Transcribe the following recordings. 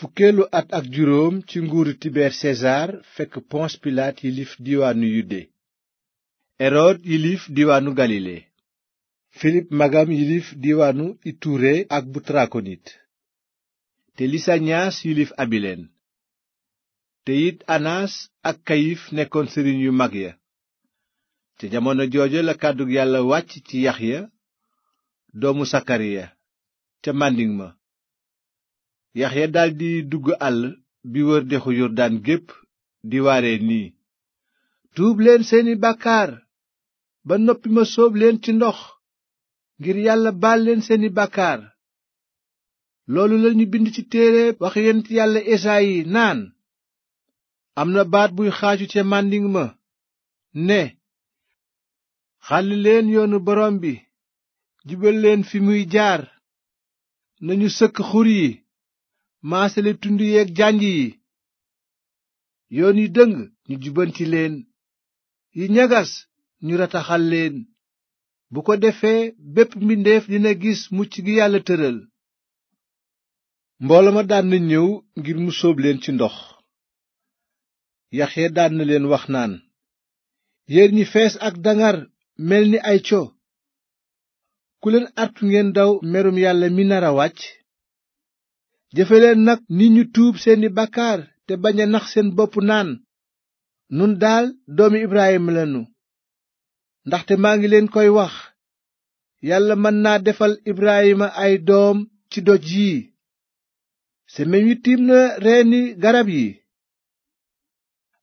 fukkeelu at ak juróom ci nguuru tibeer sesaar fekk pons pilaat yilif diwaanu yude erod yilif diwaanu galile filip magam yilif diwaanu iture ak bu tarakonit te lisañaas yilif abilen te it anas ak kayif nekkoon sëriñ yu mag ya te jamono jooja la kàddug yàlla wàcc ci yaxya doomu sakariya ca màndiŋ ma yaxya daldi dugg àll bi wër dexu yordaan gépp di waare nii tuub leen seeni bakkaar ba noppi ma soob leen ci ndox ngir yàlla baal leen seeni bàkkaar loolu lañu bind ci téere wax yonent yàlla esayi naan am na baat buy xaaju ca màndiŋ ma ne xàll yoonu borom bi jibal leen fi muy jaar nañu sëkk xur yi maasale tund yeeg janj yi yoon yu dëng ñu jubanti leen yi ñagas ñu rataxal leen bu ko defee bépp mbindeef dina gis mucc gi yàlla tëral mboolo ma daan na ñëw ngir mu soob leen ci ndox yaxe daan na leen wax naan yéen ñi fees ak dangar mel ni ay co ku leen artu ngeen daw merum yàlla mi nar a wàcc leen nag ni ñu tuub seeni bàkkaar te bañ a nax seen bopp naan nun daal doomi Ibrahima lanu ndaxte maa ngi leen koy wax yàlla mën naa defal Ibrahima ay doom ci doj yii semeñ wi tiim na reeni garab yi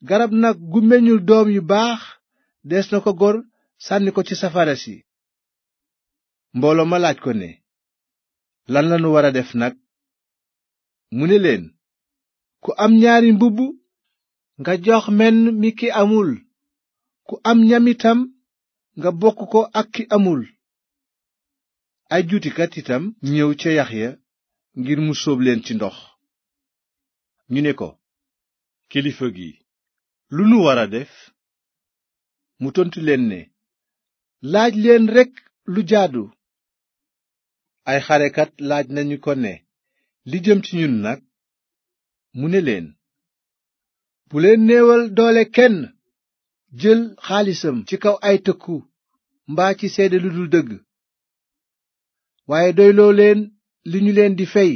garab nag gu meñul doom yu baax des na ko gor sànni ko ci safara si mbooloo ma laaj ne lan lanu war a def nag mu ne leen ku am ñaari mbubb nga jox menn mi ki amul ku am ñam itam nga bokk ko ak ki amul ay juutikat itam ñëw ca ya ngir mu sóob leen ci ndox ñu ne ko kilifa gi lu nu war def mu tontu leen ne laaj leen rekk lu jaadu ay xarekat laaj nañu ko ne li jëm ci ñun nag mu ne leen bu leen néewal doole kenn jël xaalisam ci kaw ay tëkku mbaa ci seede lu dul dëgg waaye doyloo leen li ñu leen di fey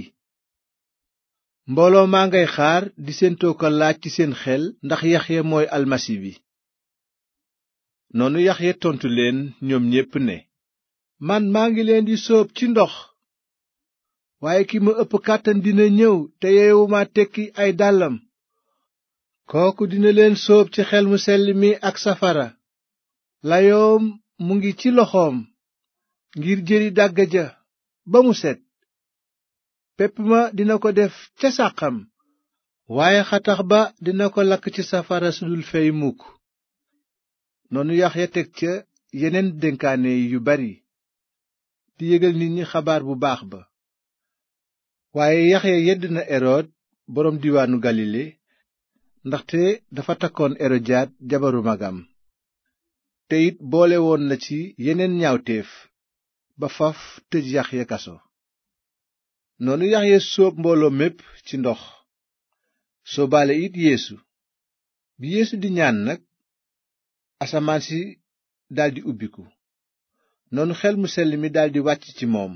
mbooloo maa ngiy xaar di séentoo ko laaj ci seen xel ndax Yaxya mooy almasi bi noonu Yaxya tontu leen ñoom ñépp ne man maa ngi leen di sóob ci ndox waaye kii ma ëpp kàttan dina ñëw te yeewuma tekki ay dàllam kooku dina leen sóob ci xel mu sell mi ak safara layoom mu ngi ci loxoom ngir jëri dàgg ja ba mu set pepp ma dina ko def ca sàqam waaye xatax ba dina ko lakk ci safara su dul fey mukk noonu Yaxya teg ca yeneen dénkaane yu bari di yégal nit ñi xabaar bu baax ba waaye Yaxya yedd na Erod boroom diwaanu Galile ndaxte dafa takkoon Erodiyaad jabaru magam te it boole woon na ci yeneen ñaawteef ba faf tëj Yaxya kaso noonu Yaxya sóob mbooloo mépp ci ndox sóobaale it Yeesu bi Yeesu di ñaan nag asamaan si daldi ubbiku noonu xel mu sell mi daldi wàcc ci moom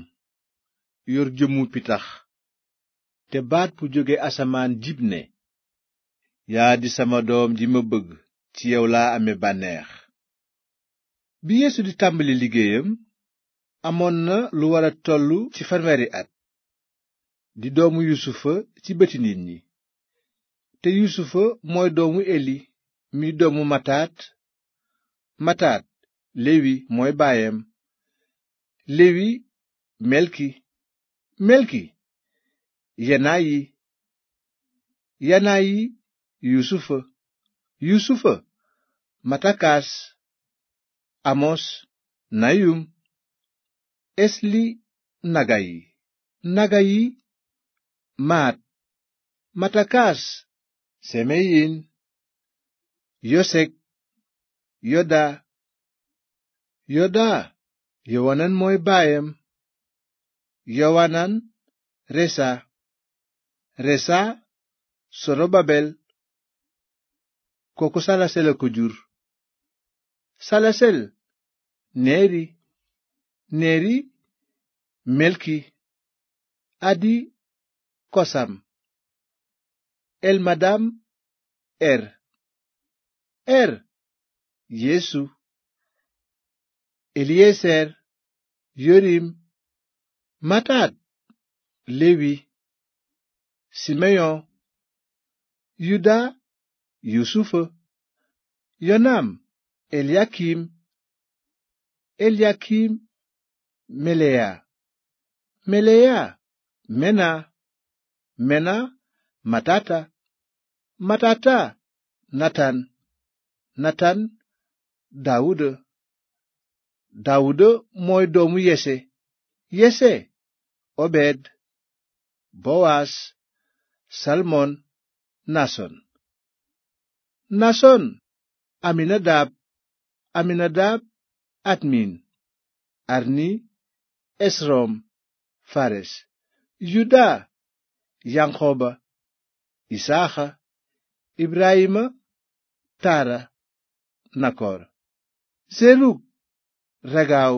yor jëmmu pitax te baat bu jóge asamaan jib ne yaa di sama doom ji ma bëgg ci yow laa ame bànneex bi yeesu di tàmbali liggéeyam amoon na lu wara tollu ci fanweeri at di doomu yusufa ci bëti nit ñi te yusufa mooy doomu eli mi doomu mataat mataat lewi mooy baayam lewi melki melki yanayi yanayi yusufa yusufa matakaas amos nayum esli nagayi nagayi maat matakaas semeyin yosek yoda yoda yowanan mooy baayam yowanan resa resa sorobabel kooku salasela ko jur salasel neeri neeri melki adi kosam elmadam er er yeesu eliyeser yorim mataat lewi simeyon yuda yusufa yonaam eliyakim eliyakim meleya meleya mena mena matata matata natan natan daawuda daawuda mooy doomu yese yese obed bowaas salmon nason nason aminadab aminadab admin arni esrom fares yuda yanqoba isaaxa ibrahima taara nakor seluk ragaaw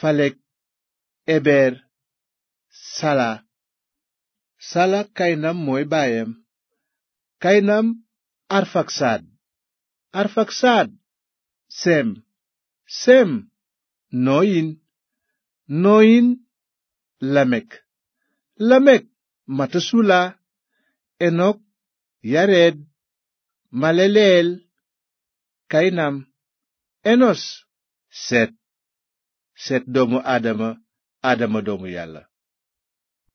falek eber sala sala kaynam mooy baayam kaynam arfaksad arfaksad seem seem nooyin nooyin lamek lamek matasula enok yared maleleel kaynam enos set set doomu aadama aadama doomu yàlla